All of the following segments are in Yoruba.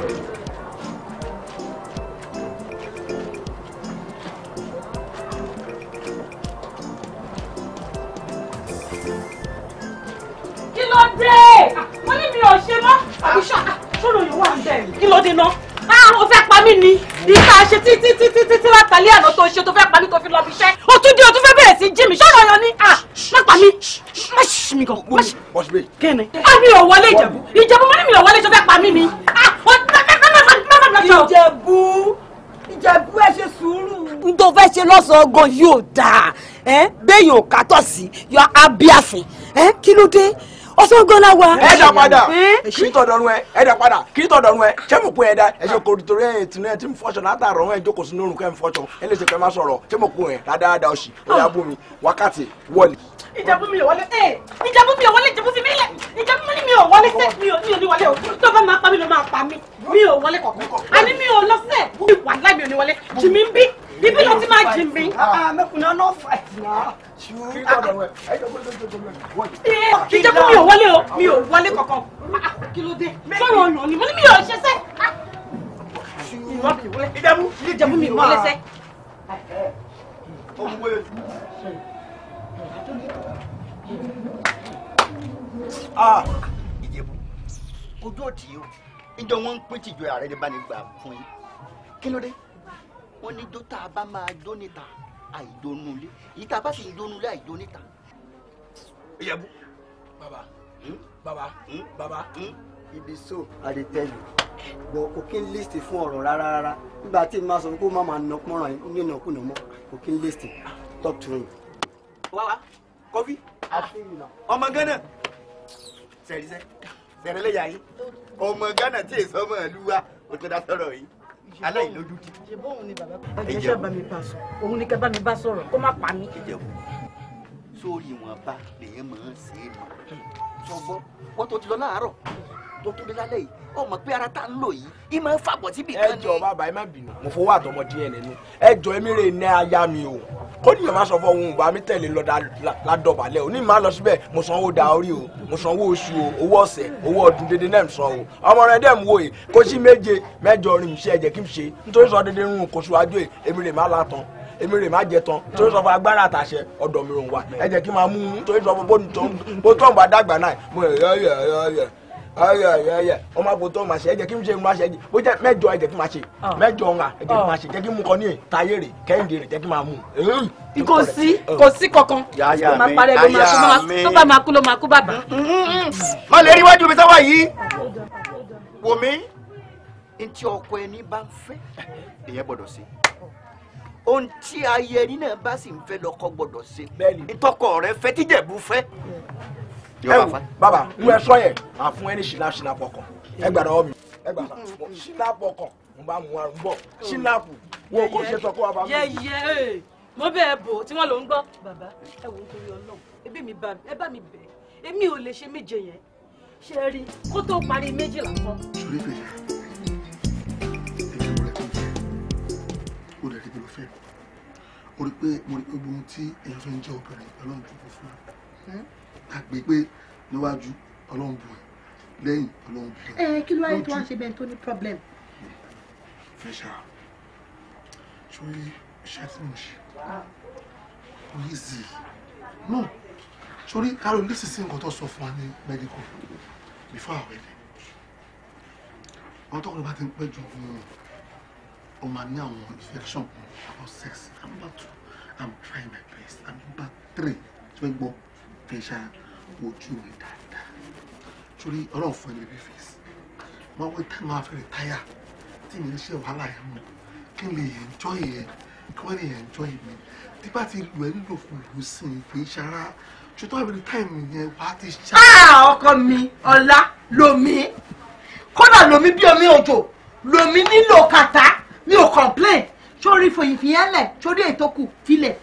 kí ló dé mo ní mi ò ṣe mọ́ àbí ṣọ́rọ̀ yóò wà ń bẹ̀ kí ló dé náà ó fẹ́ pa mí ni ìka ṣe títí títí títí látàlẹ́ àná tó ṣe tó fẹ́ pa mí tó fi lọ fi o tún dé o tún fẹ́ bẹ̀rẹ̀ sí jí mi ṣọ́rọ̀ yan ni má pa mí má ṣì mí kàn. kí ni. a mi ò wọlé ìjẹ̀bú ìjẹ̀bú mo ní mi ò wọlé tó fẹ́ pa mí ni out. ìjẹ̀bú ìjẹ̀bú ẹ ṣe sùúrù. n tó fẹ́ ṣe lọ́sàn-án gan yóò dáa bẹ́ẹ̀yìn ò kátọ̀ sí yọ abíàfin kí ló dé ọsán gan la wa. ẹ dà padà kì í tọ̀dọ̀ nu ẹ ẹ dà padà kì í tọ̀dọ̀ nu ẹ ṣé mo pè ẹ dá ẹ ṣe kò torí ẹ tì náà tí mo fọṣọ látàrọ ẹ jókòó sínú orun kẹ mo fọṣọ ẹ lè ṣe kẹ má sọ̀rọ̀ ṣé mo pè ẹ dáadáa ọṣì ó yà bù wákàtí wọlé ìjẹ̀bú mi ò wọlé ẹ̀ ìjẹ̀bú mi ò wọlé ìjẹ̀bú fi mí lẹ̀ ìjẹ̀bú mi mi ò wọlé sẹ́ mi ò ní wọlé o tó bá máa pa mi ló máa pa mi mi ò wọlé kọ̀ọ̀kan àní mi ò lọ sẹ́ wà láì mi ò ní wọlé jì mí ń bí ibi ló ti máa jì mí. mẹkùnrin ọ̀nà ọ̀fà ìjẹ̀bú mi ò wọlé o mi ò wọlé kọ̀ọ̀kan kí ló dé sọ̀rọ̀ ọ̀nà ni mo ní mi ò ṣe sẹ́ ìjẹ̀bú mi ò wọlé sẹ́. Ah. ìjẹ̀bú ojú òtí o ìjọ wọn ń pín tìjọ ààrẹ ní báni gbà fún yín kí ló dé wọn ní dótà bá máa dó níta àìdónúlé yìí tá a bá sì ń dónúlé àìdó ìjẹ̀bú bàbá hmm? bàbá hmm? bàbá hmm? ibi so àdètẹ́lù bọ̀ kò kí n list fún ọ̀rọ̀ rárá rárá nígbà tí màá sọ pé kó má máa nà pọ́nrán yín ní ìnàkúnà mọ́ kò kí n list talk to him. wá wá kọfí ọmọ gánà sẹ̀rísẹ́ sẹ̀rẹ̀ lẹ́yà yìí ọmọ Ghana tí èso ọmọ ìlú wa ò tó dá sọ̀rọ̀ yìí aláìlójú ti. ṣe bóun ni bàbá kan. ẹ jẹ́ kẹ́ bá mi bá sọ̀rọ̀ kó má pa mí. ẹ sórí wọn bá lèyàn mọ̀ ọ́n sí mọ̀ sọ́gbọ́ wọ́n tó ti lọ láàárọ̀ tó tó dé lálẹ́ yìí ọmọ pé ara tá ń lò yìí í máa ń fàgbọ́ síbì kan ẹ jọ bàbá ẹ má bínú mo fowó àtọmọdé ẹ nínú ẹ jọ ẹmí rè ní aya mi o kódìyàn má sọ fún ohun ìbá mi tẹ̀lé lọ ládọ̀bálẹ̀ òní má lọ síbẹ̀ mo sanwó da orí o mo sanwó oṣù o owó ọ̀sẹ̀ owó ọdún dédé náà san o ọmọ rẹ dẹ̀ ń wo yìí kó sí méje mẹ́jọ rìn iṣẹ́ ẹ̀jẹ̀ kí n ṣe nítorí sọ dédé rún kó síwájú ẹ̀ èmi rè má látàn èmi rè má jẹ tán torí sọ fún agbára àtàṣe ọ̀dọ̀ mi rò wá ẹ jẹ́ kí n máa mú un torí sọ fún bó tó ń bá dàgbà náà mo yẹ yẹ yẹ yẹ ayọ ayọ ayọ ọmọ àgùntàn máa ṣe ẹ jẹ́ kí n ṣe máa ṣe bó jẹ́ mẹ́jọ ẹ jẹ́ kí n máa ṣe ah. mẹ́jọ ọ̀hún ẹ jẹ́ kí n máa ah. ṣe jẹ́ kí n mú kọ ní tayé rè kẹ́hìndé rè jẹ́ kí n máa mú. kò sí kò sí kankan tó máa parẹ́ ló máa kú tó bá máa kú ló máa kú bàbá. má lè rí iwájú mi sáwà yìí wò mí ntí ọkọ ẹni bá ń fẹ́ èyẹ gbọ́dọ̀ sí ohun tí ayẹni náà bá sì ń fẹ́ lọ́kọ gbọ́dọ̀ sí ntọ́kọ rẹ fẹ́ tíjẹ̀bú fẹ́ ẹ wò bàbá n wẹ sọ yẹ A fún ẹni ṣìlá ṣìlá pọkàn ẹ gbàdá ọmọ mi ẹ gbàdá ṣìlá pọkàn n bá mu àrùn bọ ṣìlá kù wọn kò ṣe sọ kó wa bá mi. yẹyẹ mo bẹ ẹ bò tí wọn lò ń gbọ́. bàbá ẹ wò ń torí Ọlọ́run ẹbí mi bá mi ẹ bá mi bẹ èmi ò lè ṣe méje yẹn ṣe rí kó tó parí méjìlá kan. sori fèyí èmi ò rẹ kó jẹ ó rẹ rí bí mo fẹ́ mo rí pé mo rí pé gbogbo ohun tí fi ń jẹ obìnrin Ọlọ́run tó fún mi gbàgbé pé níwájú ọlọ́run bù ẹ́ lẹ́yìn ọlọ́run bù ẹ́. ẹ kí ló wáyé tó wá ṣe bẹ́ẹ̀ tó ní problem. fẹsà sórí iṣẹ́ tí mo ṣe kò ah. yí sí i náà sórí kárò lè sísè nǹkan tó sọ fún wa ní medical before our wedding wọn tọkùnrin bá ti ń pẹ́ jù fún un o máa ní àwọn infection about sex I'm two I'm trying my best Number three ṣé gbọ́ fẹ́ ṣá ojú mi dáadáa sórí ọlọ́run fún ẹni bíi fèsì máa wọ́n tẹ́ máa fẹ́rẹ̀ táyà tí mi ń ṣe wàhálà yẹn mú enjoy it, kí wọ́n lè enjoy mi tí when you lù ẹ́ nílò fún ìlú sí i kì í ṣara time. àbẹ̀rẹ̀ táìmù yẹn wà á ti ṣá. ọkọ mi ọlá lomi be lomi me omi òjò lomi nílò kàtá mi ò complain sórí fòyìnfìyẹ́lẹ̀ sórí ètò kù filẹ̀.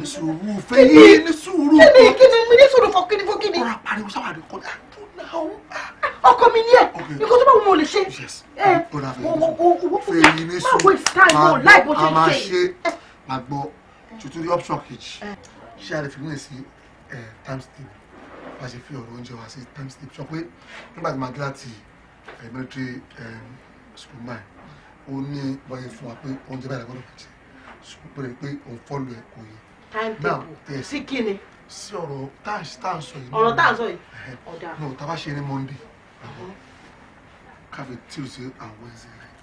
ní sùúrù fẹ́yìn ní sùúrù. kíni kíni mi ní sùúrù fọ kíni fún kíni. ọ̀rọ̀ àpariwo sáwà rẹ̀ kọjá tó náà ó. ọkọ mi ni ẹ ikú tó bá wù mí ò lè ṣe. fẹ́yìn ní sùúrù a máa ṣe àgbọ̀ tuntun ní option kejì ṣé a lè fi mílẹ̀ sí times table bá ṣe fi ọ̀rọ̀ oúnjẹ wá sí times table sọ pé nígbà tí màá dé eh, military eh, school mine ó ní báyìí fún wa pé oúnjẹ báyìí gbọ́dọ̀ kò jẹ ṣùgbọ́n rẹ̀ pé òun fọ́ọ̀lù ẹ̀ kò yẹ. timetable sí kí ni. sí ọ̀rọ̀ tá à ń sọ yìí. ọ̀rọ̀ tá à ń sọ yìí. ọ̀dà. no tá ṣe ní monday mm-hmm. káfí tuesday and wednesday night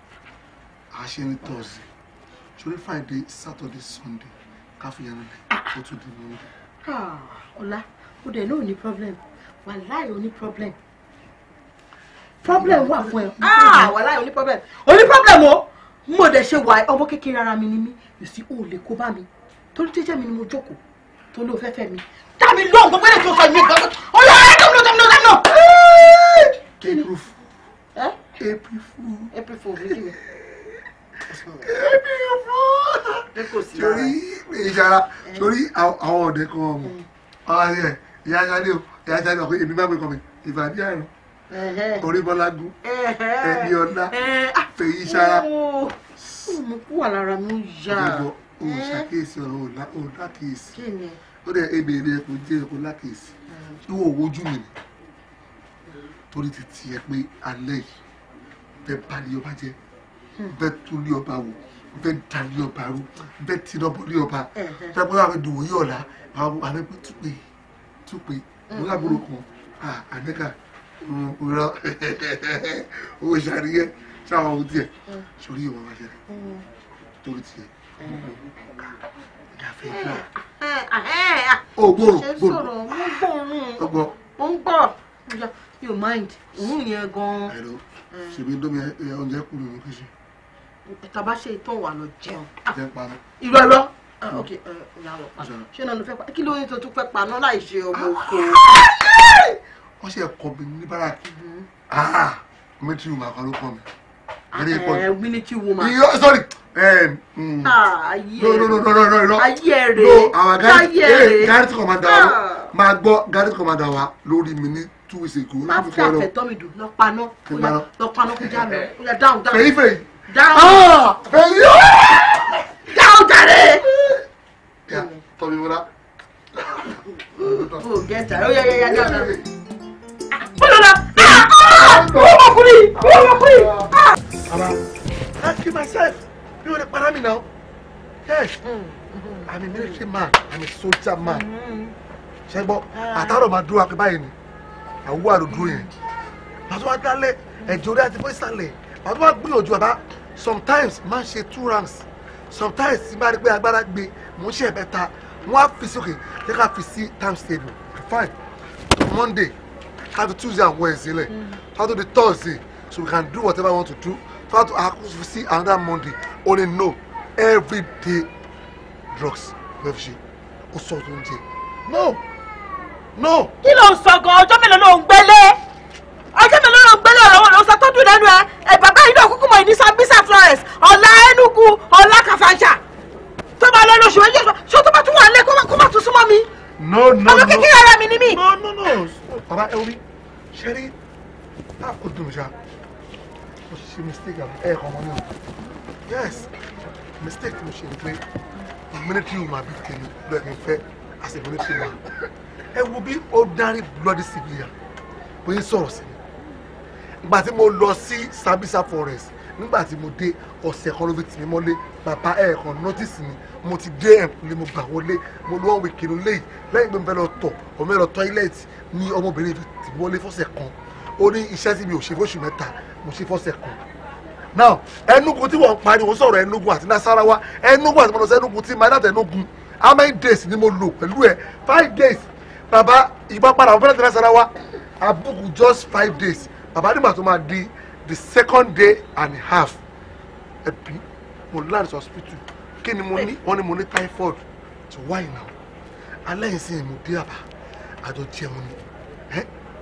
ṣe ní thursday ṣorí friday saturday sunday káfí yẹn náà ah. ó tún di monday. Ah, ọ̀la ó dẹ̀ náà ní problem wàláì ó problem problem wà fún ẹ. ah wàhálà oní problem oní problem o mo dẹ̀ ṣe wà ọmọ kékeré ara mi ni mí yóò sí o lè kó bá mi torí jẹ́jẹ́ mi ni mo jókòó tó ló fẹ́ fẹ́ mi dábì lóhùn gbogbo ẹ̀ tó sọ mi gbàgbọ́ ọ̀yà ẹ̀ dábì lóhùn dábì lóhùn dábì lóhùn. Eh? April fool. April fool bí kí ni. April fool. torí ìṣara torí àwọn ọ̀dẹ́ kan ọmọ ọ̀hún ẹ̀ ìyá ajá ni o ìyá ajá ni ọ̀hún èmi bá gbé kan mi ìbàdí àrùn oríbọlágún ẹni ọlá fèyí sára. mo kú wà lára mi yá. ìbọn o ṣàkíyèsí ọ̀rọ̀ o lákìyèsí ó dẹ̀ ebèrè ẹ̀ kò jẹ́ ẹ̀kọ́ lákìyèsí ìwọ wojú mi ni torí ti tiẹ̀ pé alẹ́ yìí bẹ́ẹ̀ bá ní ọba jẹ́ hmm. bẹ́ẹ̀ tún ní ọba wò bẹ́ẹ̀ dà ní ọba rú bẹ́ẹ̀ tí náà bọ̀ ní ọba dábọ́ àwọn ìdòwò yìí ọ̀la àwọn àmì pé túpè túpè wọn hmm. lábúrò kan àmẹ́ka rọ o ṣàríyẹ sáwọn ohun tiẹ̀ mm. sórí ìwọ máa ṣẹlẹ̀ mm. torí tiẹ̀ ìdáfẹ́ náà. o gbòòrò gbòòrò o gbọ́. o ń gbọ́ mind òun yẹn gan-an. ẹ̀rọ mm. ṣèbí ndomi oúnjẹ kù nínú kíṣì. tàbá ṣe ìtàn wà lọ jẹun. Ah. jẹun pa mọ́. ìrọ̀lọ́ ah, ok eh, ìyá lọ pa ṣé náà ló fẹ́ pa kí ló ń tó tún fẹ́ pa wọ́n ṣe kọ́ mi ní báràkì ah. ah, military woman kan ló kọ́ mi. ẹ eh, military woman. iyo sorry. ayé rẹ ayé rẹ ayé rẹ eh, garrett commander wa ah. máa gbọ́ garrett commander wa lórí mi ní two weeks ago. má fi àfẹ́tọ́ mi dùn lọ paná lọ paná kó já lọ kó já dáhùn dáhùn. fèyí fèyí. dáhùn. fèyí dáhùn jàre. tọ́bi wúra. o gẹ́ta ó yẹ yẹ yẹ dáhùn. Ah! Ah! I kill ah! myself. Mi ò lè para mi Yes, I'm a military man, I'm a soldier man. Ṣé gbọ́, àtàrọ̀ máa dúró akẹ́ báyìí ni. Àwọ̀ àròdúró yẹn. Màtó wá dálẹ̀ ẹ̀jẹ̀ orí àti bóyísàlẹ̀. Màtó wá gbìyànjú bàbá. Sometimes máa ń ṣe two rounds. Sometimes máa rí pé agbára gbé mò ń ṣe ẹ̀mẹ́ta. Wọ́n á fi sí òkè, jẹ́ ká fi sí time stable. Fine, Monday ká fi tuesday and wednesday lẹ̀ ká tó di thursday so we can do whatever we want to do ká tó see another monday only no every day drugs refugee. fi ṣe ó sọ no no. kí ló ń sọ gan ọjọ́ mélòó ló ń gbélé ọjọ́ mélòó ló ń gbélé ọ̀rọ̀ wọn ló ń sọ tó dùn lẹ́nu ẹ ẹ bàbá yìí náà kúkú mọ̀ ìní Sambisa Florence ọ̀la Enugu ọ̀la Kafanja tó bá lọ lóṣù méjì ṣó tó bá tún wà lé kó má no no no ọmọ kékeré mi ni no no no baba ẹ wí ṣe rí tá o dùn ṣá o ṣe mistake ẹ ẹ kọ ọmọ náà yes mistake mo ṣe ni pé military woman bi kiri lọ́ọ̀kì fẹ́ as a military man ẹ wo bí ordinary bloody civilian But it's so mi But tí will lọ sí Sambisa forest nígbà mo dé ọ̀sẹ̀ kan ló fi tì mí mọ́lé bàbá ẹ̀ kan nọ́tìsì mi mo ti dé ẹ̀kúnlé mo gbà wọlé mo lọ́wọ́ wí kiri lẹ́yìn lẹ́yìn pé mo fẹ́ lọ tọ̀ ọmọ ẹ̀ tọ́ílẹ̀tì ní ọmọbìnrin fi tì mí mọ́lé fọ́sẹ̀ kan ó ní iṣẹ́ tí mi ò ṣe fóṣù mẹ́ta mo ṣe fọ́sẹ̀ kan now Enugu tí wọ́n pariwo sọ̀rọ̀ Enugu àti Nasarawa Enugu àti mọ̀nà Enugu tí máa dàtẹ̀ Enugu how many days ni mo lò pẹ̀lú ẹ̀ five days bàbá ìgbà padà wọ́n fẹ́ràn ti Nasarawa àbùkù just five days bàbá nígbà tó máa di the second day and a half ẹbí mo land hospital kí ni mo ní wọ́n ní mo ní typhoid so why now alẹ́ yìí sìn mo dé àbá àjọ jẹun ni ẹ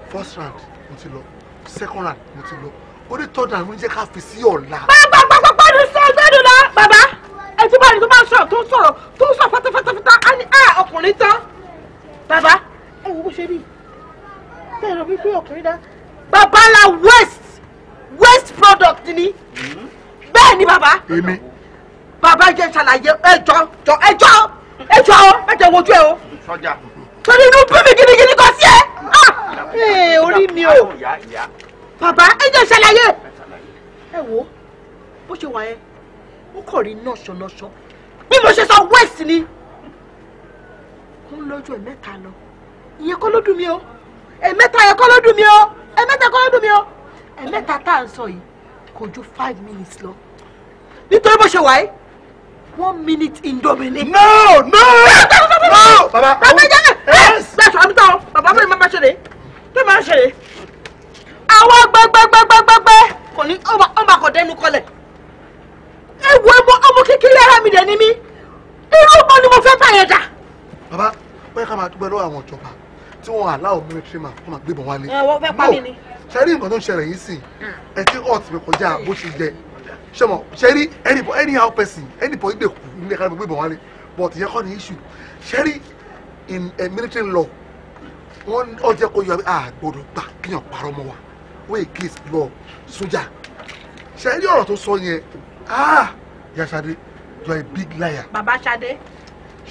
first round mo ti lọ second round mo ti lọ ó ní third round mo ní jẹ́ ká fi sí ọ̀la. gbàgbàgbàgbàdùn sọ gbẹdùn lọ bàbá ẹtí báyìí tó bá ń sọ̀rọ̀ tó ń sọ̀rọ̀ tó ń sọ fátáfátáfátá á ní á ah, ọkùnrin tán bàbá ẹ wo bó ṣe rí bẹ́ẹ̀ lọ wípé ọkùnrin dá babalá west sí ni bẹ́ẹ̀ ni bàbá bàbá jẹ́ ṣàlàyé ẹjọ́ jọ ẹjọ́ ẹjọ́ ẹjọ́ wojú ẹ o torí inú bí mi gidigidi kan sí ẹ ah! eh, orí mi o bàbá ẹjọ́ ṣàlàyé ẹ wo bó ṣe wà yẹn ó kàn rí nọ̀ṣọ̀nọ̀ṣọ̀ bí mo ṣe sọ west ni ó ń lójú ẹ̀ mẹ́ta lọ ìyẹn kọ́ ló dùn mí o ẹ̀mẹ́ta yẹn kọ́ ló dùn mí o ẹ̀mẹ́ta kọ́ ló dùn mí o ẹ̀mẹ́ta tá à ń sọ yìí kò ju five minutes lọ nítorí bó ṣe wà one minute in ni. no no no baba baba jẹ ẹ gbẹsọ àmì tán baba mi máa ṣe rè tó máa ṣe rè àwọn gbẹgbẹgbẹgbẹgbẹ kò ní ọmọ kò dẹnu kọlẹ̀ ẹ wo ọmọ ọmọ kékeré ara mi dẹ ni mi irú ọmọ ni mo fẹ́ bá baba bẹ́ẹ̀ ká máa dúpẹ́ lọ́wọ́ àwọn ìjọba tí wọ́n aláwọ̀ military man wọ́n máa gbébọn wálé. ẹ wọ́n fẹ́ pa mí ni. ṣe rí nǹkan tó ń ṣẹlẹ̀ yìí sìn hmm. ẹ ti hot mi kọjá bó ṣe jẹ ṣe mọ ṣe rí any any how person any point dey kú nílé kárí gbébọn wálé but ìyẹn kọ́ ni issue ṣe rí in a eh, military law wọ́n ọjọ́ kó yọ àgbọ̀dọ̀ gbà kíyàn parọ́ mọ́ wa wey case law sójà ṣe rí ọ̀rọ̀ tó sọ yẹn ah yasade you are a big liar. baba Ṣadé.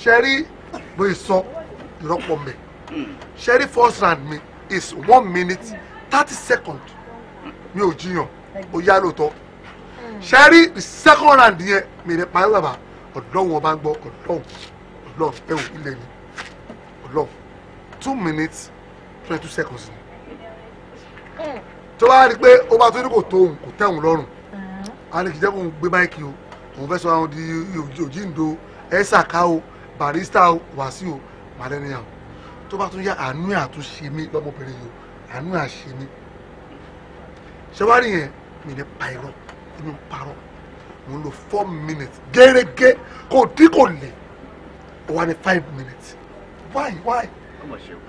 ṣe rí bóyá sọ ìrọ́pọ̀ mẹ́ sherry first round mi is one minute thirty second mi o jiyàn o yá lóòótọ́ sherry the second round yẹn mi rẹ̀ parí bàbá ọlọ́run ọba ń gbọ́ ọlọ́run ọlọ́run ẹ wò ilé mi ọlọ́run two minutes twenty two seconds ni tó bá rí i pé ó bá tó ní kò tó òun kò tẹ̀ òun lọ́rùn a ní jẹ́ kó òun gbé báyìí kí o òun fẹ́ sọ àwọn di òjìǹdo ẹ̀ṣàká o barista o wàásù o màlẹ́niyà tó bá tún yá àánú àtúnṣe mi lọ́mọbìnrin yìí àánú àṣe mi ṣẹwárí yẹn mi ní pa irọ́ inú parọ́ mo ń lo four minutes gẹ́gẹ́ kò dín kò lè ó wá ní five minutes why why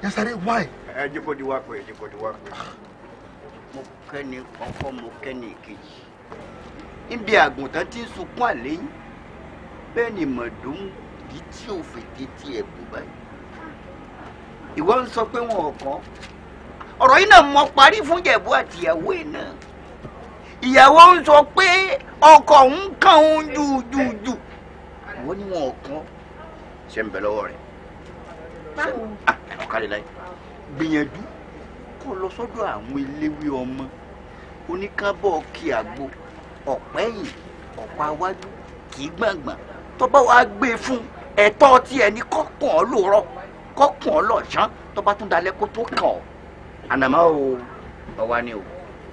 yẹsàrẹ́ why. ẹ jẹ́ kó di wá pé ẹ jẹ́ kó di wá pé mo kẹ́ni ọkọ mo kẹ́ni ìkejì níbi àgùntàn tí ń sunkún àléyìn bẹ́ẹ̀ ni mọ̀dún di tí ò fi di tí ẹ̀ bù báyìí ìwọ ń sọ pé wọn ò kàn ọ̀rọ̀ yìí náà mọ parí fún jẹ̀bú àti ìyàwó ẹ̀ náà ìyàwó ń sọ pé ọkọ ń kàn ń jùjùjù wọ́n ní wọn ò kàn ṣe ń bẹ lọ́wọ́ rẹ̀ ọ̀kadì láyé gbìyànjú kó lọ sọ́dọ̀ àwọn eléwé ọmọ oníkábọ̀ kí àgbo ọ̀pẹ́yìn ọ̀pá wájú kì í gbàngbàn tó bá gbé e fún ẹ̀tọ́ tí ẹni kọ́kàn lòrọ̀ kọkùn ọlọ́sàn tó bá tún dalẹ̀ kó tó kàn ọ́ ànàmọ́ o ọ̀wá ni o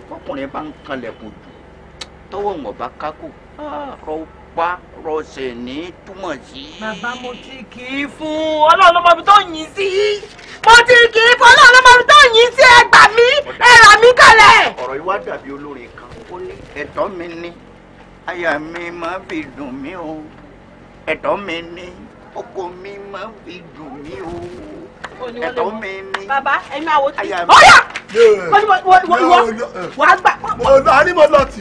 fọkùnrin bá ń kanlẹ̀kùn jù tọwọ́ wọn bá kákò rọ pa rọsẹ̀ ní túmọ̀ sí. bàbá mo ti kì í fún ọlọ́run ló mi ibi tó yìn sí mo ti kì í fún ọlọ́run ló mọ tó yìn sí ẹ gbà mí ẹ rà ọ̀rọ̀ yìí wá dàbí olórin kan ó ní ẹ̀tọ́ mi ni àyà mi máa fi dùn mí o ẹ̀tọ́ mi ni ọkọ mi máa ń fi dùn mí o ẹ̀tọ́ mi ni. bàbá ẹ̀mí àwòtí. ọ̀yà wọ́n wọ́n wọ́n wọ́n gbà. mo lọ àní mo lọ tì.